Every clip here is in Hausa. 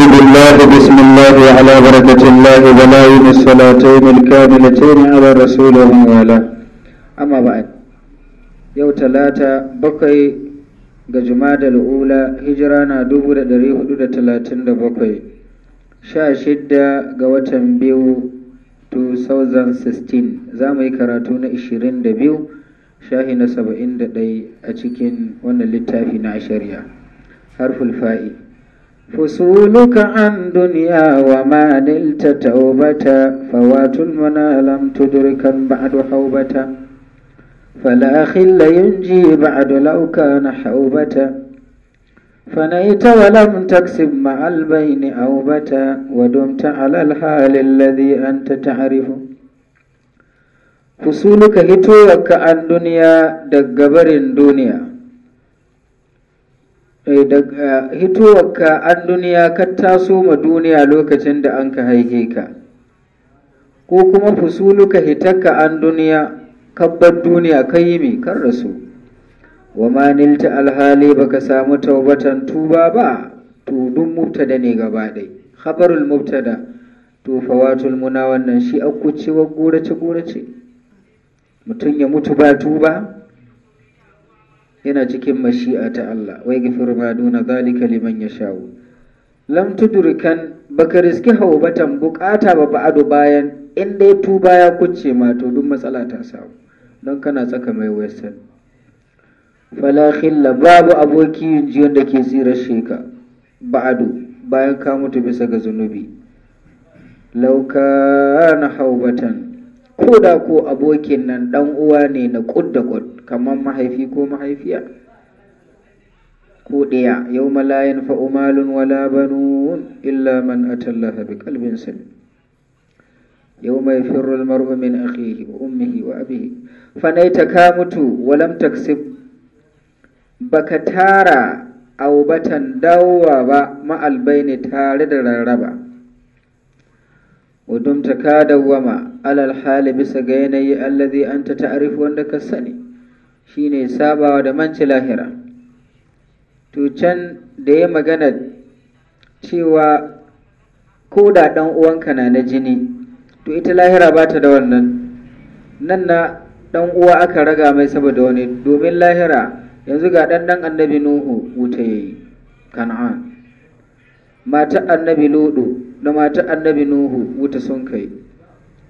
أعوذ بالله بسم الله على بركة الله بلايم الصلاتين الكاملتين على رسوله وعلى أما بعد يو تلاتة بقي جماد الأولى هجرانا دبر دريه دودة ثلاثين بقي sha shidda ga watan biyu 2016 زامي كراتون إشرين karatu na 22 shahi na 71 a نعشريا wannan littafi harful fa'i فصولك عن دنيا وما نلت توبة فوات المنى لم تدركا بعد حوبة فلا خل ينجي بعد لو كان حوبة فنيت ولم تكسب مع البين أوبة ودمت على الحال الذي أنت تعرفه فصولك هتوك عن دنيا دقبر دنيا Eh, daga eh, hitowarka an duniya ka taso ma duniya lokacin da an ka haife ka ko kuma fusuluka hitarka an duniya kabbar duniya ka yi mai kan rasu wa ma nilta alhali ka samu taubatan tuba ba to dun mubtada ne gaba ɗai khabarul mubtada to fawatul muna wannan shi ce gorace gorace mutum ya mutu ba tuba yana cikin mashi'a ta Allah wai gafiru ma duna zalika liman yasha'u lam tudrikan baka riski batan, bukata ba ado bayan in dai tuba ya kucce ma to duk matsala ta samu don kana tsaka mai western fala khilla babu aboki ji da ke tsira sheka ado, bayan ka mutu bisa ga zunubi lauka na haubatan ko da ko abokin nan dan uwa ne na ƙud da kamar mahaifi ko mahaifiya ko ɗaya yau malayan fa'umalun wala banun illa man atallaha bi kalbin salim yau mai firul mar'u min akhihi wa ummihi wa abihi fanaita ka mutu walam taksib baka tara aubatan dawowa ba ma'albai ne tare da rarraba ودمت كادوما على الحال بسغيني الذي أنت تعرف وندك السني شيني سابا ودمانش لاهرة توچن دي مغانا تيوا da دان uwanka na na jini to ita lahira ba ta da wannan nan na dan uwa aka raga mai saboda wani domin lahira yanzu ga ɗanɗan annabi nuhu wuta yayi kan'an mata annabi ludu da matar annabi nuhu wuta sun kai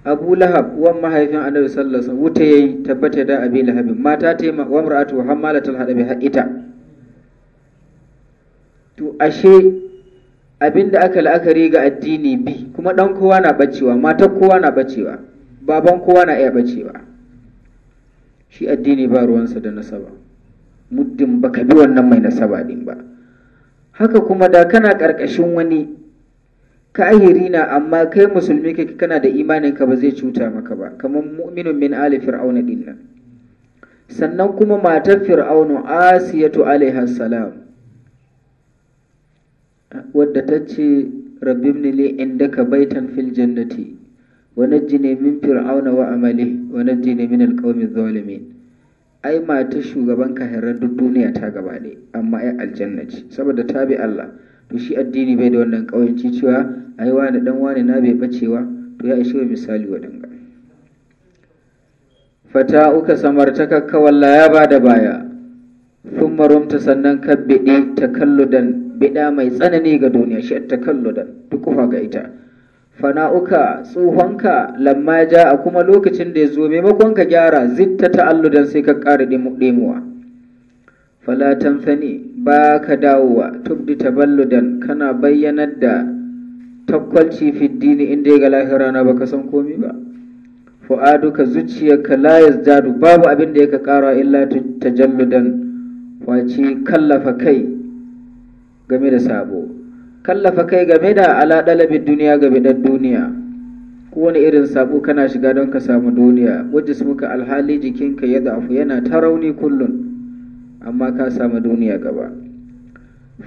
abu lahab wan mahaifin annabi sallallahu alaihi wuta yayi tabbata da abi lahabin mata ta wa mar'atu hammalatul hadabi ita to ashe abinda aka la'akari ga addini bi kuma dan kowa na bacewa mata kowa na bacewa baban kowa na iya bacewa shi addini ba ruwansa da nasaba muddin baka bi wannan mai nasaba din ba haka kuma da kana karkashin wani kahiri na amma kai musulmi kake kana da imanin ka ba zai cuta maka ba kamar mu'minun min ali fir'auna din nan sannan kuma matar fir'auna asiyatu alaiha salam wadda ta ce rabbi ibn li indaka baitan fil jannati wa najjini min fir'auna wa amali wa najjini min alqawmi adh ai matar shugaban kahirar duk duniya ta gaba ne amma ai aljanna ce saboda ta bi Allah to shi addini bai da wannan kawanci cewa ai wani dan wani na bai bacewa to ya ishe misali danga fata uka samarta ka walla ya ba da baya sun marumta sannan ka biɗe takalludan biɗa mai tsanani ga duniya shi takalludan duk kufa ga ita fana uka tsohonka lamma ja a kuma lokacin da ya zo maimakon ka gyara zitta ta alludan sai ka ƙara ɗimuwa falatan sani ba ka dawowa tubdi taballudan kana bayyanar da takwalci fiddini inda ga lahira na baka san komi ba fu'aduka zuciyarka la yazdadu babu abin da ya ka kara illa tajalludan wace kallafa kai game da sabo kallafa kai game da ala dalabin duniya ga bidan duniya kowane irin sabo kana shiga don ka samu duniya wajen muka alhali jikinka ya zafu yana ta rauni kullum amma ka samu duniya gaba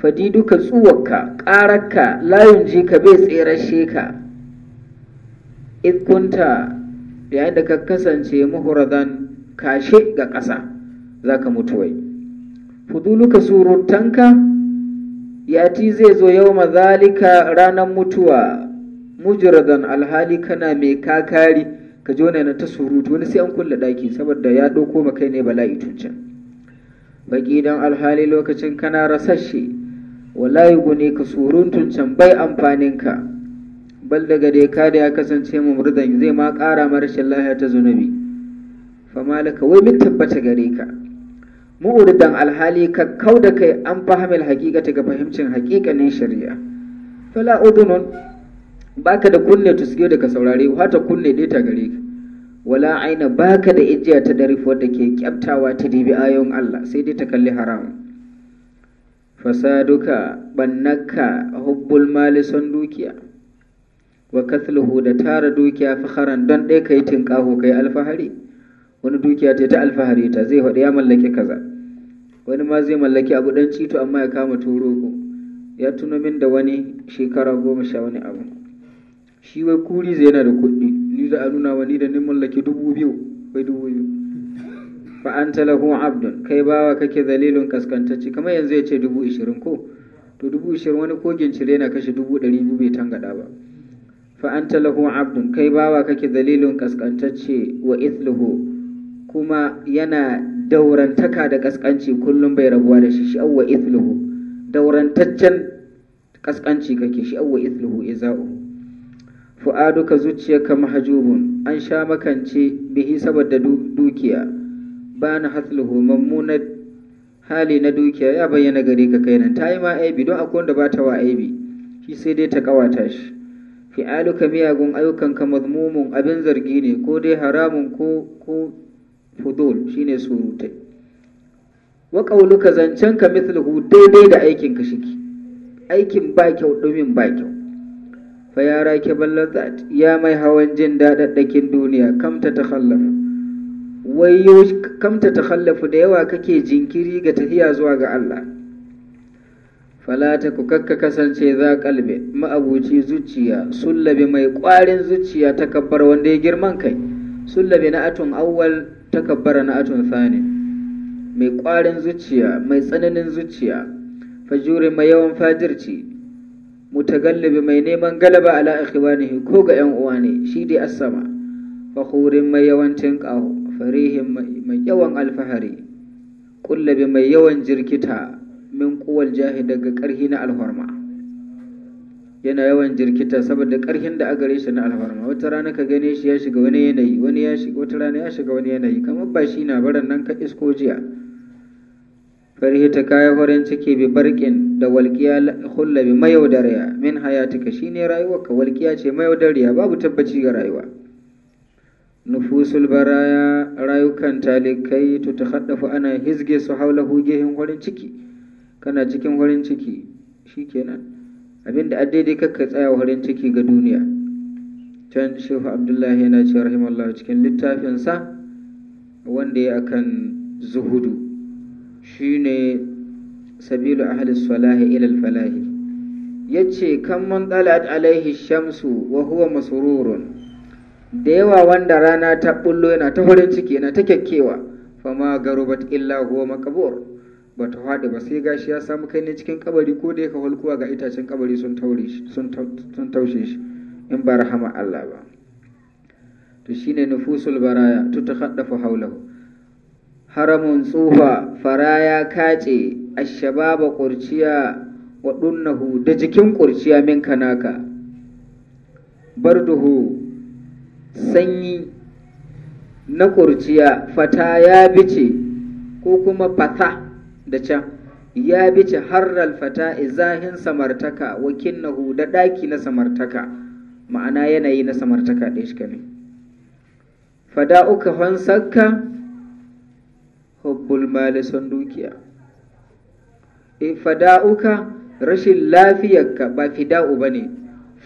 fadi duka tsuwarka ƙararka layin ji ka bai tserashe ka ikunta yayin da ka kasance muhuradan kashe ga ƙasa za ka mutu wai fuduluka surutanka yati zai zo yau mazalika ranar mutuwa mujradan alhali kana mai kakari ka jona na ta surutu wani sai an kulle ɗaki saboda ya ɗauko makai ne bala'i tun baki don alhali lokacin kana rasashe wallahi gune ka suruntun can bai amfanin ka bal daga dai ka da ya kasance murdan zai ma ƙara ma rashin lahiya ta zunubi famalaka wai min tabbata gare ka Mu'urdan alhali ka kau da kai an fahimil hakikata ga fahimcin hakikanin shari'a fala udunun baka da kunne tusge daga saurare wata kunne dai ta gare ka wala aina baka da ijiya ta dare wadda ke kyaftawa ta dibi ayon Allah sai dai ta kalli haramun fasaduka bannaka hubbul mali son dukiya wa kasluhu da tara dukiya fakharan don ɗaya kai tinkaho kai alfahari wani dukiya ta ta alfahari ta zai faɗi ya mallake kaza wani ma zai mallaki abu dan cito amma ya kama turo ko ya tuno min da wani shekara goma sha wani abu shi wai kuri zai yana da kuɗi za a nuna wa ni da nin mallaki dubu biyu kai dubu biyu fa anta lahu abdun kai bawa kake zalilun kaskantacci kamar yanzu ya ce dubu ishirin ko to dubu ishirin wani kogin cire na kashe dubu ɗari biyu bai tangada ba fa anta lahu abdun kai bawa kake zalilun kaskantacce wa ithluhu kuma yana daurantaka da kaskanci kullum bai rabuwa da shi shi'awwa ithluhu daurantaccen kaskanci kake shi'awwa ithluhu iza'u fu'aduka zuciyarka mahajubun an sha makance bihi saboda dukiya ba na hasluhu mammunar hali na dukiya ya bayyana gare ka kainan ta yi ma aibi don akwai wanda ba ta wa aibi shi sai dai ta kawata shi fi'aluka miyagun ayyukanka mazmumun abin zargi ne ko dai haramun ko ko fudul shine surutai wa qauluka zancenka mithluhu daidai da aikinka shiki aikin ba kyau domin ba kyau fa ya rakibal ya mai hawan jin daɗaɗɗakin duniya kamta ta takhallafu wai kam ta takhallafu da yawa kake jinkiri ga tafiya zuwa ga Allah falata ku kakka kasance za kalbe ma'abuci zuciya sullabe mai ƙwarin zuciya takabbar wanda ya girman kai sullabe na atun awwal takabbara na atun sani. mai ƙwarin zuciya mai tsananin zuciya fajure mai yawan fajirci mutagallabi mai neman galaba ala ikhwanihi ko ga yan uwa ne shi dai asama fakhurin mai yawancin ƙaho farihin mai yawan alfahari kullabi mai yawan jirkita min kuwal jahi daga ƙarhi na alhorma yana yawan jirkita saboda ƙarhin da agare shi na alhorma wata rana ka gane shi ya shiga wani yanayi wani ya shiga wata rana ya shiga wani yanayi kamar ba shi na baran nan ka isko jiya farhi ta kaya farin cike bi barkin da walƙiya khullabi mayaudariya min hayatika shine Ka walƙiya ce mayaudariya babu tabbaci ga rayuwa nufusul baraya rayukan talikai to ta haddafa ana hizge su haula hugehin farin ciki kana cikin farin ciki shikenan abinda a daidai kakka tsaya wurin ciki ga duniya can shehu abdullahi yana ce rahimallah cikin littafinsa wanda ya akan zuhudu shine sabilu ahli salahi ila falahi yace kan man dalat alaihi shamsu wa huwa masrurun da yawa wanda rana ta bullo yana ta farin ciki yana ta kyakkewa ma garubat illa huwa makabur ba ta faɗi ba sai gashi ya samu kai ne cikin kabari ko da ya kawalkuwa ga itacen kabari sun taushe shi in ba rahama Allah ba to shine nufusul baraya tutakaddafu hawlahu haramun tsufa faraya kace ashababa ƙurciya wa dunnahu da jikin ƙurciya min kanaka barduhu sanyi na kurciya fata ya bice ko kuma fata da can ya bice harral fata izahin samartaka wa kinnahu da ɗaki na samartaka ma'ana yanayi na samartaka ɗaya shi ne fada uka hansarka hubbul mali son dukiya Eh, fada'uka rashin lafiyarka ba fida'u ba ne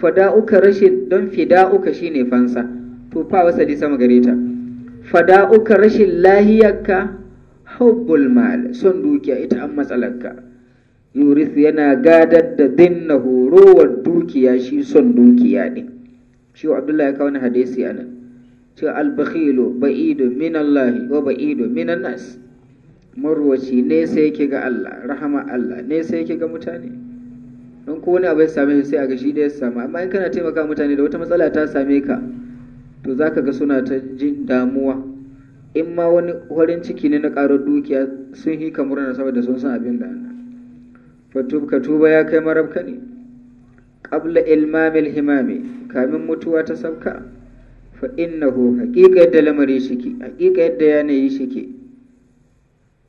fada'uka rashin don fida'uka shine fansa to fa di sama gare ta fada'uka rashin lahiyarka hubbul mal son dukiya ita an matsalarka yuris yana gadar da dinna horowar dukiya shi son dukiya ne shi abdullahi ya kawo hadisi anan cewa al-bakhilu ba'idu minallahi wa ba'idu minan nas marwaci ne sai yake ga Allah rahama Allah ne sai yake ga mutane don ko wani abu ya same shi sai a ga shi da ya samu amma in kana taimaka mutane da wata matsala ta same ka to za ka ga suna ta jin damuwa in ma wani farin ciki ne na ƙarar dukiya sun hika murna saboda sun san abin da ana fatub ka tuba ya kai marabka ne qabla ilmamil himami kamin mutuwa ta sabka fa innahu haqiqa yadda lamari shike haqiqa yadda yanayi shike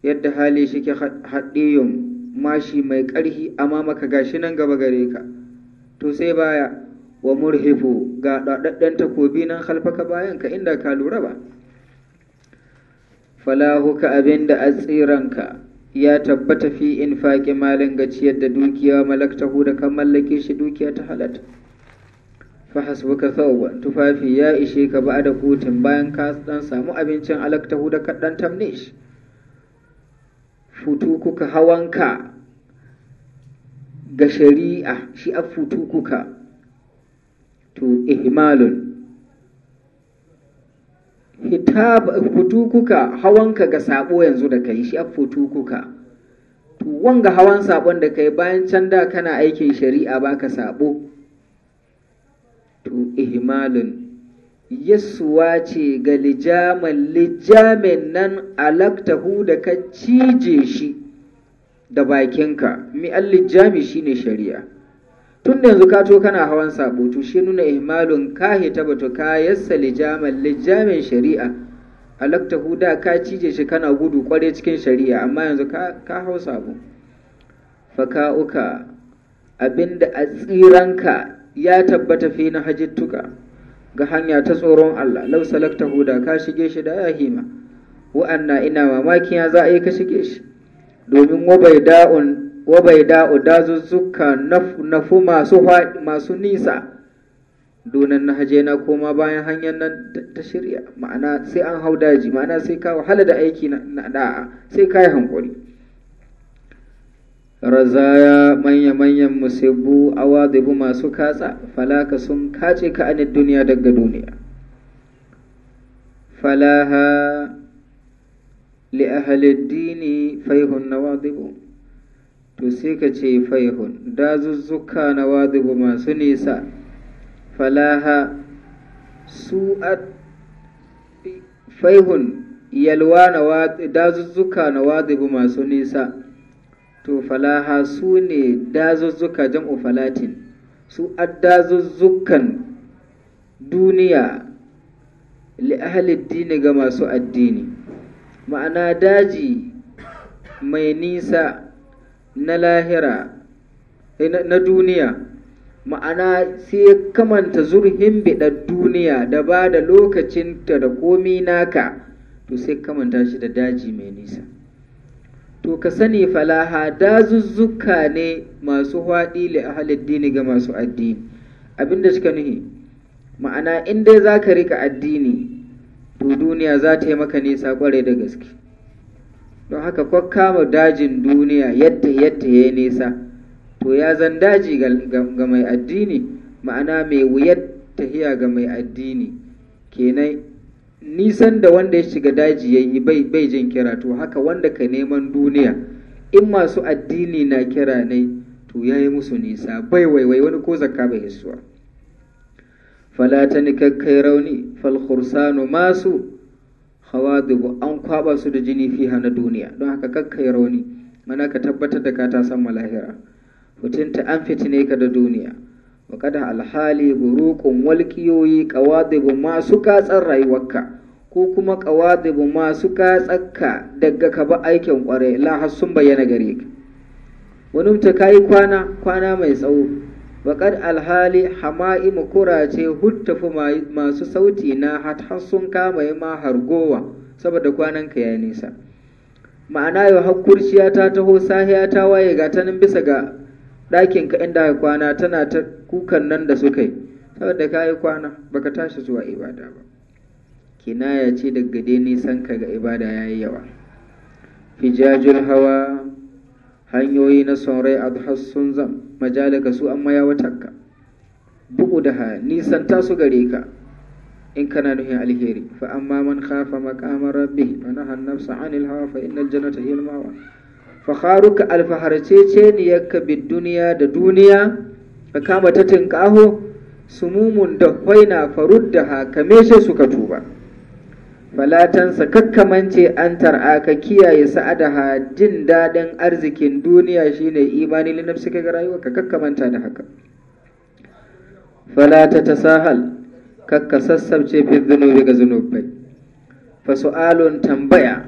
yadda hali shi ke haɗiyun mashi mai ƙarhi amma maka gashi nan gaba gare ka to sai baya wa murhifu ga ɗaɗaɗɗen takobi nan halfaka bayan ka inda ka lura ba falahuka abin da a tsiranka ya tabbata fi in faƙi malin gaciyar da dukiya malaktahu da kan mallake shi dukiya ta halatta fahas hasbuka sauwa tufafi ya ishe ka ba da kotun bayan ka dan samu abincin alaktahu da ka dan tamne shi futukuka hawanka ga shari'a shi a futukuka to ihmalun futukuka hawanka ga sabo yanzu da kai shi a futukuka to wanga hawan sabon da kai bayan can da kana aikin shari'a baka sabo to ihmalun yasuwa ce ga lijaman lijamin nan alaktahu da ka cije shi da bakinka mi shi ne shari'a tun da yanzu ka to kana hawan sabo to shi nuna ihmalun kahi ta batu ka yassa lijaman lijamin shari'a alaktahu da ka cije shi kana gudu kware cikin shari'a amma yanzu ka, ka hau sabo uka, abinda a tsiranka ya tabbata fi na hajjittuka ga hanya ta tsoron Allah lau salaktahu da ka shige shi da ya hima wa'anna ina mamaki ya za a yi ka shige shi domin wabai da'u dazuzzuka nafu masu masu nisa donan na haje na koma bayan hanyar nan ta shirya ma'ana sai an hau daji ma'ana sai ka wahala da aiki na da'a sai ka yi hankuri razaya manya-manyan musibbu awadibu masu katsa falaka sun kace ka anin duniya daga duniya falaha li ahaliddini faihun nawadibu to sai ka ce faihun dazuzzuka nawadibu masu nisa falaha a faihun yalwa na dazuzzuka nawadibu masu nisa to falaha su ne dazuzzuka jam'u falatin su addazuzzukan duniya dini ga masu addini ma'ana daji mai nisa na lahira eh, na duniya ma'ana sai ya kamanta zurhin biɗar duniya da ba da lokacinta da komi naka to sai kamanta shi da daji mai nisa to ka sani falaha dazuzzuka ne masu haɗi li ahalid ga masu addini abinda suka nuhi ma'ana in dai za ka rika addini to duniya za ta yi maka nisa kwarai da gaske don haka kwa kama dajin duniya yadda yadda ya yi nisa to ya zan daji ga mai addini ma'ana mai wuyar tahiya ga mai addini kenan nisan da wanda ya shiga daji ya yi bai jin kira to haka wanda ka neman duniya in masu addini na kira ne to ya yi musu nisa bai waiwai wani ko zaka bai hisuwa fala ta rauni fal masu masu khawadibu an kwaba su da jini fiha na duniya don haka kakkai rauni mana ka tabbatar da ka ta san malahira fitinta an fitine ka da duniya waƙadan alhali burukun walƙiyoyi ƙawadibu masu katsar rayuwarka ko kuma ƙawadibu masu katsakka daga ka aikin ƙwarai lahar sun bayyana gare ka wani ta yi kwana kwana mai tsawo waƙad alhali hama'i hama'imu kurace huttafu masu sauti na Harsun sun kama yi ma hargowa saboda kwanan ka ya nisa ma'ana yau har ta taho sahiya ta waye gatanin bisa ga ɗakinka inda ka kwana tana ta kukan nan da suka yi saboda ka yi kwana baka tashi zuwa ibada ba kinaya ce daga gade nisan ka ga ibada ya yi yawa hijajul hawa hanyoyi na sonrai adhas sun Zan, majalaka su an ka. bugu da haya nisan ta su gare ka in kana nuhin alheri fa amma man khafa maqama rabbih wa nahana nafsa anil hawa fa innal jannata hiya al faharuka alfaharceceniyarka bid duniya da duniya ka kama ta tinkaho sumumun da na farud da hakame shi suka tuba falatansa kakkamance an tar'a ka kiyaye ha jin daɗin arzikin duniya shine imani linafsi ka rayuwa ka kakkamanta da haka falata ta sahal kakka sassabce fi zunubi ga zunubai fa su'alun tambaya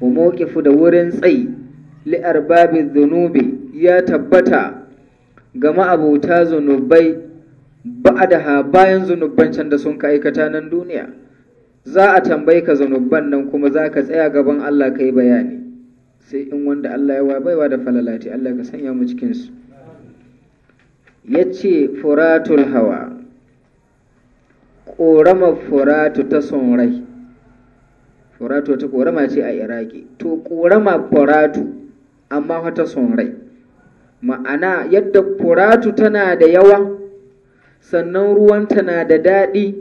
mu mawqifu da wurin tsayi li'arbabin zunubi ya tabbata ga ma'abota zunubai ba'adaha bayan zunubban can da sun ka aikata nan duniya za a tambayi ka zunubban nan kuma za ka tsaya gaban Allah ka yi bayani sai in wanda Allah ya baiwa da falalati Allah ka sanya mu cikinsu ya ce furatul hawa ƙoramar furatu ta son rai furatu ta ƙorama ce a iraki to ƙoramar furatu amma wata son rai ma'ana yadda furatu tana da yawa sannan ruwanta na da daɗi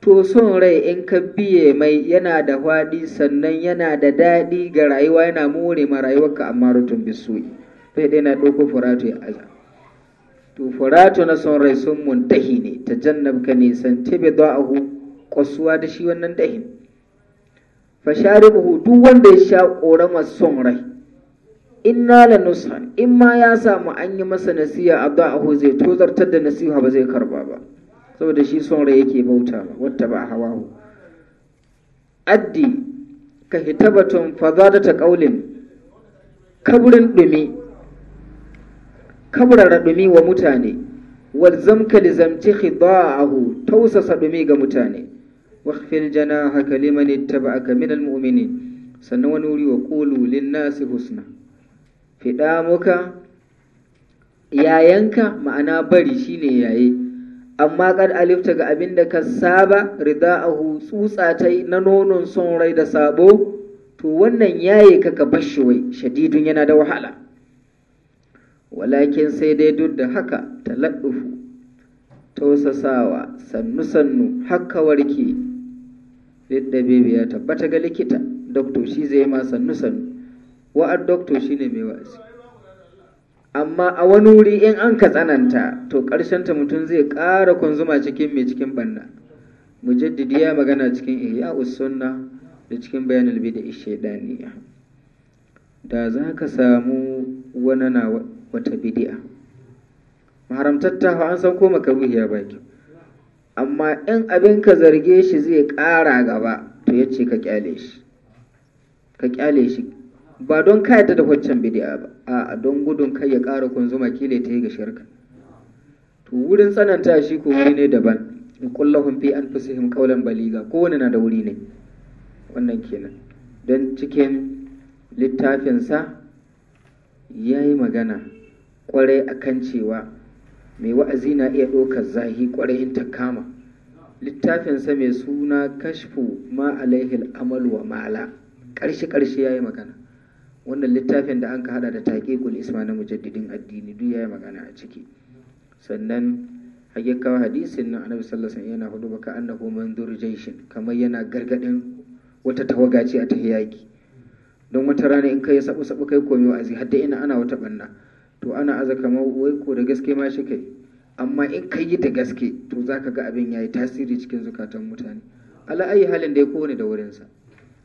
to son rai in ka biye mai yana da faɗi sannan yana da daɗi ga rayuwa yana more ma rayuwarka amma rutun bisoyi sai ɗaya na ɗauko furatu ya aza to furatu na son rai sun muntahi ne ta jannab ka nisan tebe hu kwasuwa da shi wannan dahin hu! duk wanda ya sha ƙoramar son rai inna la nusra in ma ya samu an yi masa nasiha a aho zai tozartar da nasiha ba zai karba ba saboda shi son rai yake bauta wata ba hawahu addi ka hitabatun ta kaulin kaburin dumi kaburara dumi wa mutane li lizamci khidaahu tausasa dumi ga mutane al mu'minin sannan wani wuri wa qulu lin nasi husna. Fiɗa muka, yayanka ma'ana bari shine yaye amma kad alifta ga abin da ka saba rida'ahu tsutsatai na nonon son rai da sabo to wannan yaye ka ka bashi wai shadidun yana da wahala walakin sai dai duk da haka taladdufu tausasawa sannu sannu haka warke da ya tabbata ga likita dokto shi zai ma sannu sannu wa'ad doctor shine mai wa'azi amma a wani wuri in an ka tsananta to ƙarshen ta mutum zai ƙara kunzuma cikin mai cikin banna mujaddidi ya magana cikin ihya sunna da cikin bayanul ishe shaydaniya da za ka samu wani na wata bidiya maharamtatta an san ko makaruhiya baki amma in abin ka zarge shi zai ƙara gaba to yace ka kyale shi ka kyale shi ba don ka yadda da waccan bidi'a ba a don gudun kai ya ƙara kunzuma kile ta yi ga shirka to wurin tsananta shi ko wuri ne daban in kullahum fi anfusihim qawlan baliga kowane na da wuri ne wannan kenan don cikin littafinsa ya yi magana kwarai akan cewa mai wa'azi na iya ɗaukar zahi kwarai in ta kama littafinsa mai suna kashfu ma alaihil amal wa mala ƙarshe-ƙarshe ya yi magana wannan littafin da anka hada da kul isma na mujaddidin addini duk yayi magana a ciki sannan hage kawo hadisin nan annabi sallallahu alaihi wasallam yana hudu baka annahu manzur jayshin kamar yana gargadin wata tawaga ce a tahiyaki don wata rana in kai sabu sabu kai koyo azi hadda ina ana wata banna to ana aza kamar wai ko da gaske ma shi kai amma in kai yi da gaske to zaka ga abin yayi tasiri cikin zukatan mutane ala ayi halin da ya kowane da wurinsa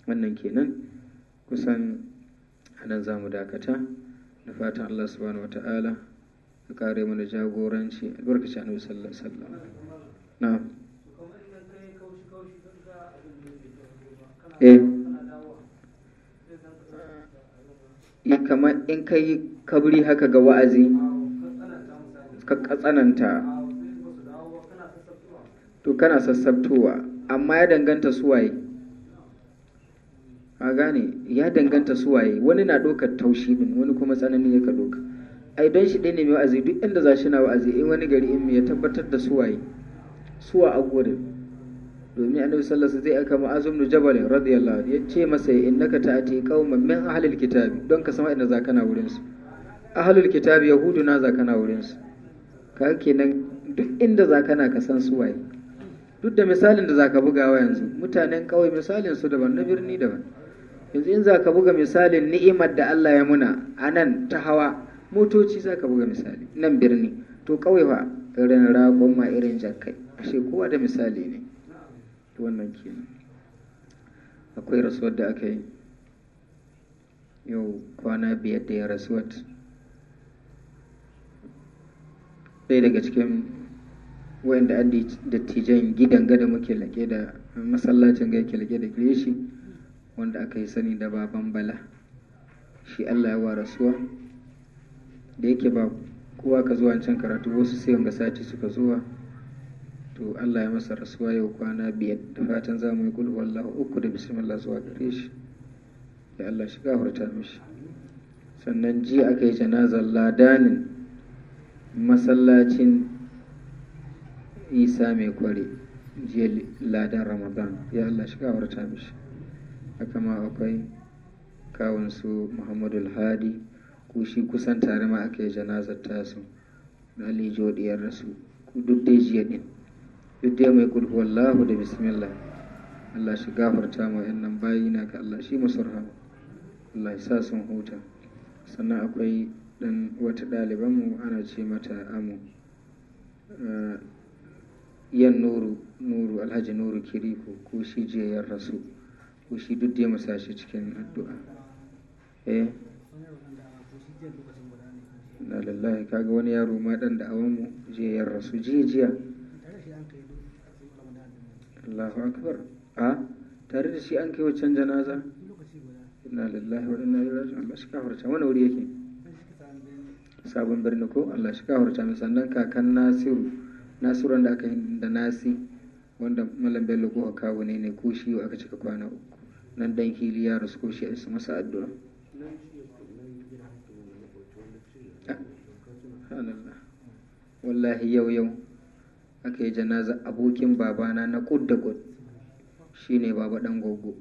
wannan kenan kusan anan za mu dakata da fatan allah subhanahu wa ta'ala ya kare mana jagoranci ci annabi sallallahu alaihi wasallam eh. na eh kamar in ka kabri haka ga wa'azi ka katsananta to kana sassabtowa amma ya danganta suwaye a gane ya danganta su waye wani na ɗaukar taushi din wani kuma tsanani yaka ɗauka ai don shi ɗaya ne mai wa'azi duk inda za shi na wa'azi in wani gari in ya tabbatar da su waye Su a gurin domin annabi sallallahu zai aka ma'azum da jabal radiyallahu anhu yace masa innaka ta'ati qauman min ahlil kitab don ka sama inda za kana wurin su ahlul kitab yahudu na za kana wurin su ka kenan duk inda za kana ka san su waye duk da misalin da za ka bugawa yanzu mutanen kawai misalin su daban na birni daban yanzu in za ka buga misalin ni'imar da Allah ya muna a nan ta hawa motoci za ka buga misali nan birni to kawai ba irin ragon ma irin jakai ashe kowa da misali ne wannan kenan akwai rasuwar da aka yi yau kwana biyar da ya rasuwar ɗaya daga cikin wayanda addi dattijan gidan gada muke lake da masallacin ga ke lake da shi wanda aka yi sani da baban bala shi allah ya wa rasuwa da yake ba kowa ka zuwa can karatu wasu sai wanga sati suka zuwa to allah ya masa rasuwa yau kwana biyar da fatan za mu yi kulhu wallahu uku da bismillah zuwa gare shi ya allah shi gafarta mishi sannan ji aka yi janazar ladanin masallacin isa mai kware jiya ladan ramadan ya allah shi gafarta mishi haka ma akwai kawunsu muhammadu alhadi ko shi kusan tare ma aka yi janazar tasu na lijo diyar rasu ku duk dai jiya din duk dai mai kulhu wallahu da bismillah Allah shi gafarta ma yan nan bayi na ka Allah shi musu Allah ya sa sun huta sannan akwai dan wata ɗaliban mu ana ce mata amu ah, yan nuru nuru alhaji nuru kiriko ko shi jiyar rasu ko shi duk ya musa shi cikin addu'a eh na lallahi kaga wani yaro ma dan da awon mu je ya rasu jiya jiya Allahu akbar a tare da shi an kai wancan janaza na lallahi waɗannan inna ilaihi Allah shi kafarta wani wuri yake sabon birni ko Allah shi kafarta mai sannan kakan Nasiru Nasiru da aka yi da Nasi wanda Malam Bello ko kawo ne ne ko shi aka cika kwana uku nan dan hili ya rasu ko shi su masa addu'a wallahi yau yau aka yi janaza abokin babana na kud kud shi ne baba dan gogo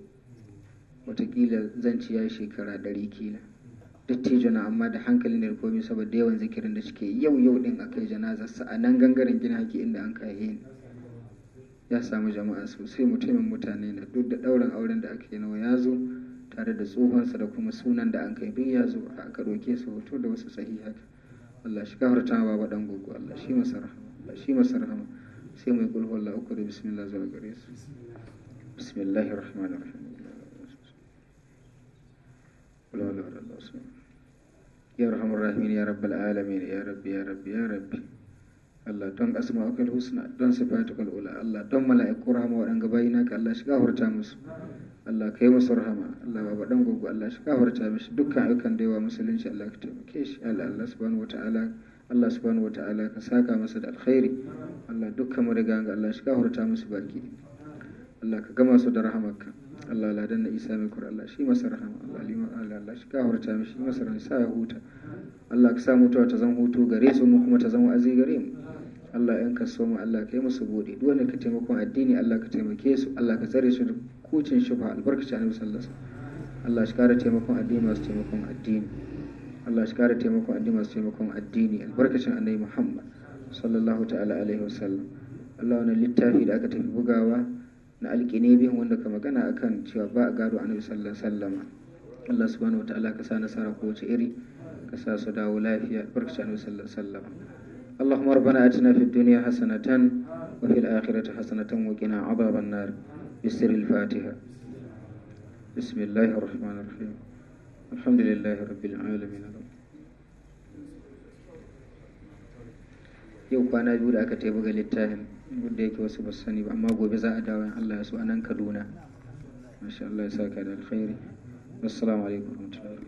watakila zan ya shekara ɗari kila dattijo na amma da hankali ne da komi saboda yawan zikirin da suke yau yau din aka yi janaza a nan gangaren gina haki inda an kai ni ya samu jama'a sosai mutumin mutane na duk da ɗaurin auren da aka yi nawa ya zo tare da tsohonsa da kuma sunan da an kai bin ya zo aka ɗauke su hoto da wasu sahiha Allah shi gafarta wa baba ɗan gogo Allah shi masa rahama Allah shi masa rahama sai mai kulhu Allah uku da bismillah zuwa gare su bismillahir rahmanir rahim ya Rahman Rahim, ya rabbal alamin ya rabbi ya rabbi ya rabbi Allah don asma'ukal husna don kal ula Allah don mala'iku rahama waɗanga bayina ka Allah shi gafarta musu Allah ka yi musu rahama Allah baba dan gogo Allah shi gafarta musu. dukkan ayyukan da yawa musulunci Allah ka taimake shi Allah Allah subhanahu wata'ala Allah subhanahu wata'ala ka saka masa da alkhairi Allah dukkan mu daga Allah shi gafarta musu baki Allah ka gama su da rahamarka Allah la danna Isa mai kur Allah shi masa rahama Allah liman Allah Allah shi gafarta mishi masa ran sa ya huta Allah ka sa mutuwa ta zan hutu gare su mu kuma ta zan wa'azi gare mu Allah ya kaso mu Allah kai musu bude duk wanda ka taimakon addini Allah ka taimake su Allah ka tsare su da kucin shufa albarkaci annabi sallallahu alaihi wasallam Allah shi kare taimakon addini masu taimakon addini Allah shi kare taimakon addini masu taimakon addini albarkacin annabi Muhammad sallallahu ta'ala alaihi wasallam Allah wannan littafi da aka tafi bugawa na alƙine bihin wanda ka magana akan cewa ba a gado annabi sallallahu alaihi wasallam Allah subhanahu wa ta'ala ka sa nasara ko wace iri ka sa su dawo lafiya albarkacin annabi sallallahu alaihi wasallam اللهم ربنا اتنا في الدنيا حسنه وفي الاخره حسنه وقنا عذاب النار بسر الفاتحه بسم الله الرحمن الرحيم الحمد لله رب العالمين yau kwana biyu da aka taibu ga littafin wanda yake wasu ba sani ba amma gobe za a dawo in Allah ya so nan Kaduna masha Allah ya saka da alkhairi assalamu alaikum